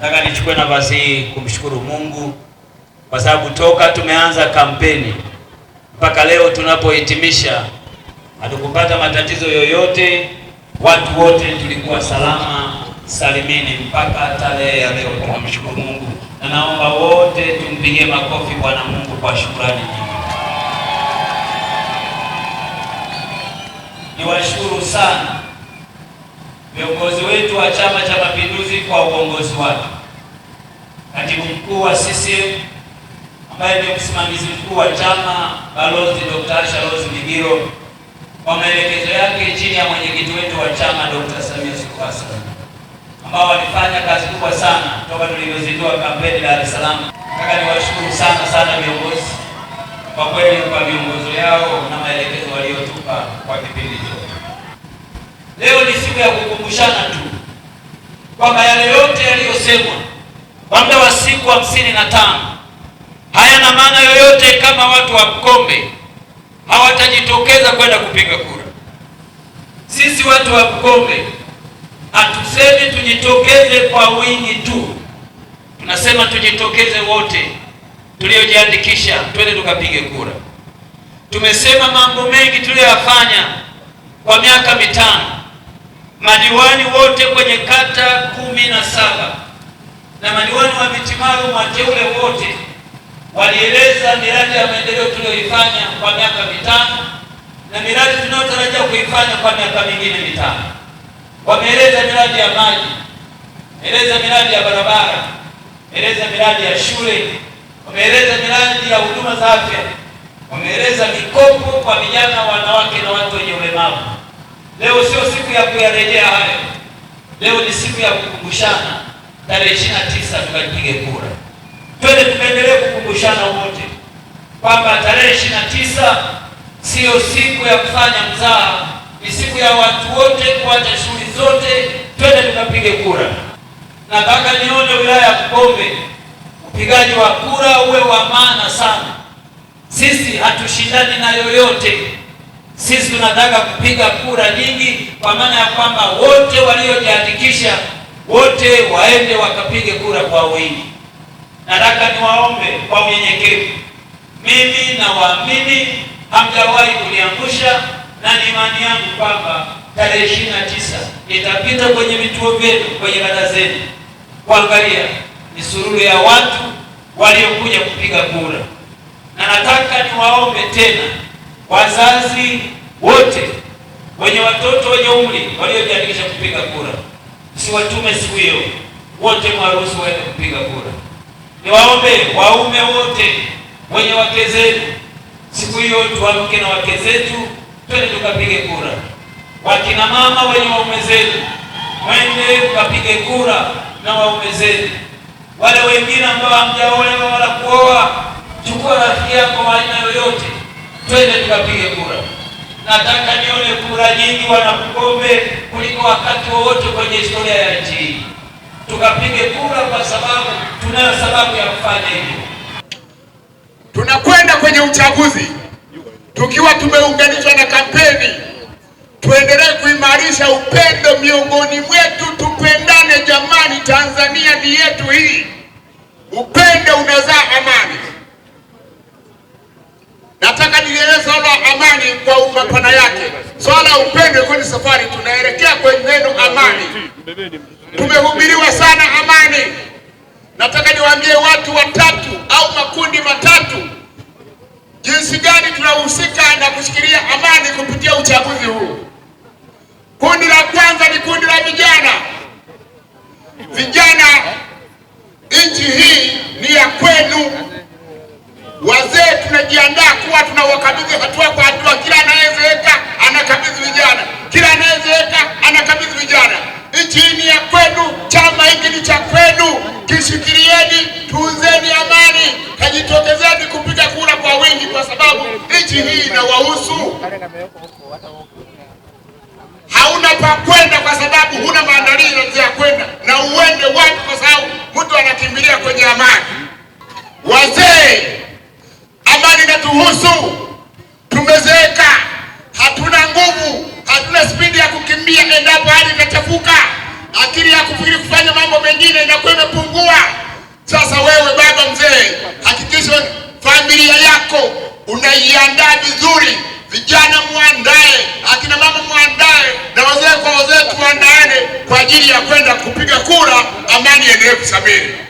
Nataka nichukue nafasi hii kumshukuru Mungu kwa sababu toka tumeanza kampeni mpaka leo tunapohitimisha, hatukupata matatizo yoyote. Watu wote tulikuwa salama salimini mpaka tarehe ya leo. Tunamshukuru Mungu na naomba wote tumpigie makofi Bwana Mungu kwa shukrani nyingi. Niwashukuru sana viongozi wetu wa Chama cha Mapinduzi kwa uongozi wake, katibu mkuu wa CCM ambaye ndio msimamizi mkuu wa chama Balozi Dr. Asha Rose Migiro kwa maelekezo yake chini ya mwenyekiti wetu wa chama Dr. Samia Suluhu Hassan ambao walifanya kazi kubwa sana toka tulivyozindua kampeni Dar es Salaam. Nataka niwashukuru sana sana viongozi kwa kweli, kwa miongozo yao na maelekezo waliotupa kwa kipindi hicho. Leo ni siku ya kukumbushana tu kwamba yale yote yaliyosemwa kwa muda wa siku hamsini na tano hayana maana yoyote kama watu wa Bukombe hawatajitokeza kwenda kupiga kura. Sisi watu wa Bukombe hatusemi tujitokeze kwa wingi tu, tunasema tujitokeze wote tuliojiandikisha, twende tukapige kura. Tumesema mambo mengi tuliyoyafanya kwa miaka mitano madiwani wote kwenye kata kumi na saba na madiwani wa viti maalum wateule wote walieleza miradi ya maendeleo tuliyoifanya kwa miaka mitano na miradi tunayotarajia kuifanya kwa miaka mingine mitano. Wameeleza miradi ya maji, wameeleza miradi ya barabara, wameeleza miradi ya shule, wameeleza miradi ya huduma za afya, wameeleza mikopo kwa vijana, wanawake na watu wenye ulemavu. Leo sio siku ya kuyarejea hayo, leo ni siku ya kukumbushana. Tarehe ishirini na tisa tukajipige kura, twende tupendelee kukumbushana wote kwamba tarehe ishirini na tisa siyo siku ya kufanya mzaha, ni siku ya watu wote kuacha shughuli zote, twende tukapige kura. Nataka nione wilaya ya Bukombe upigaji wa kura uwe wa maana sana. Sisi hatushindani na yoyote sisi tunataka kupiga kura nyingi, kwa maana ya kwamba wote waliojiandikisha wote waende wakapige kura kwa wingi. Nataka niwaombe kwa unyenyekevu, mimi nawaamini, hamjawahi kuliangusha, na ni imani yangu kwamba tarehe ishirini na tisa nitapita kwenye vituo vyenu, kwenye kata zenu, kuangalia ni suruhu ya watu waliokuja kupiga kura, na nataka niwaombe tena wazazi wote wenye watoto wenye umri waliojiandikisha kupiga kura, siwatume siku hiyo, wote mwaruhusu waende kupiga kura. Niwaombe waume wote wenye wake zetu siku hiyo, tuamke na wake zetu, twende tukapige kura. Wakina mama wenye waume zetu, mwende tukapige kura na waume zetu. Wale wengine ambao hamjaolewa wala kuoa, chukua rafiki yako aina yoyote twende tukapige kura. Nataka nione kura nyingi wana kuliko wakati wowote kwenye historia ya nchi hii. Tukapige kura kwa sababu tunayo sababu ya kufanya hivyo. Tunakwenda kwenye uchaguzi tukiwa tumeunganishwa na kampeni. Tuendelee kuimarisha upendo miongoni mwetu, tupendane jamani. Tanzania ni yetu hii, upendo unazaa amani nataka nieleze swala la amani kwa mapana yake, swala upendo kwenye safari. Tunaelekea kwenye neno amani, tumehubiriwa sana amani. tumejiandaa kuwa tunawakabidhi hatua kwa hatua. Kila anayezeeka anakabidhi vijana, kila anayezeeka anakabidhi vijana. Nchi hii ni ya kwenu, chama hiki ni cha kwenu, kishikilieni, tunzeni amani, kajitokezeni kupiga kura kwa wingi, kwa sababu nchi hii inawahusu. Hauna pa kwenda kwa sababu huna maandalizi ya kwenda, na uende wapi kwa sababu mtu anakimbilia kwenye amani. Wazee nusu. Tumezeeka, hatuna nguvu, hatuna spidi ya kukimbia endapo hali imechafuka Akili ya kufikiri kufanya mambo mengine inakuwa imepungua. Sasa wewe baba mzee, hakikisha familia yako unaiandaa vizuri. Vijana mwandae akina mama mwandae na wazee kwa wazee tuandaane kwa ajili ya kwenda kupiga kura. Amani endelee kusamiri.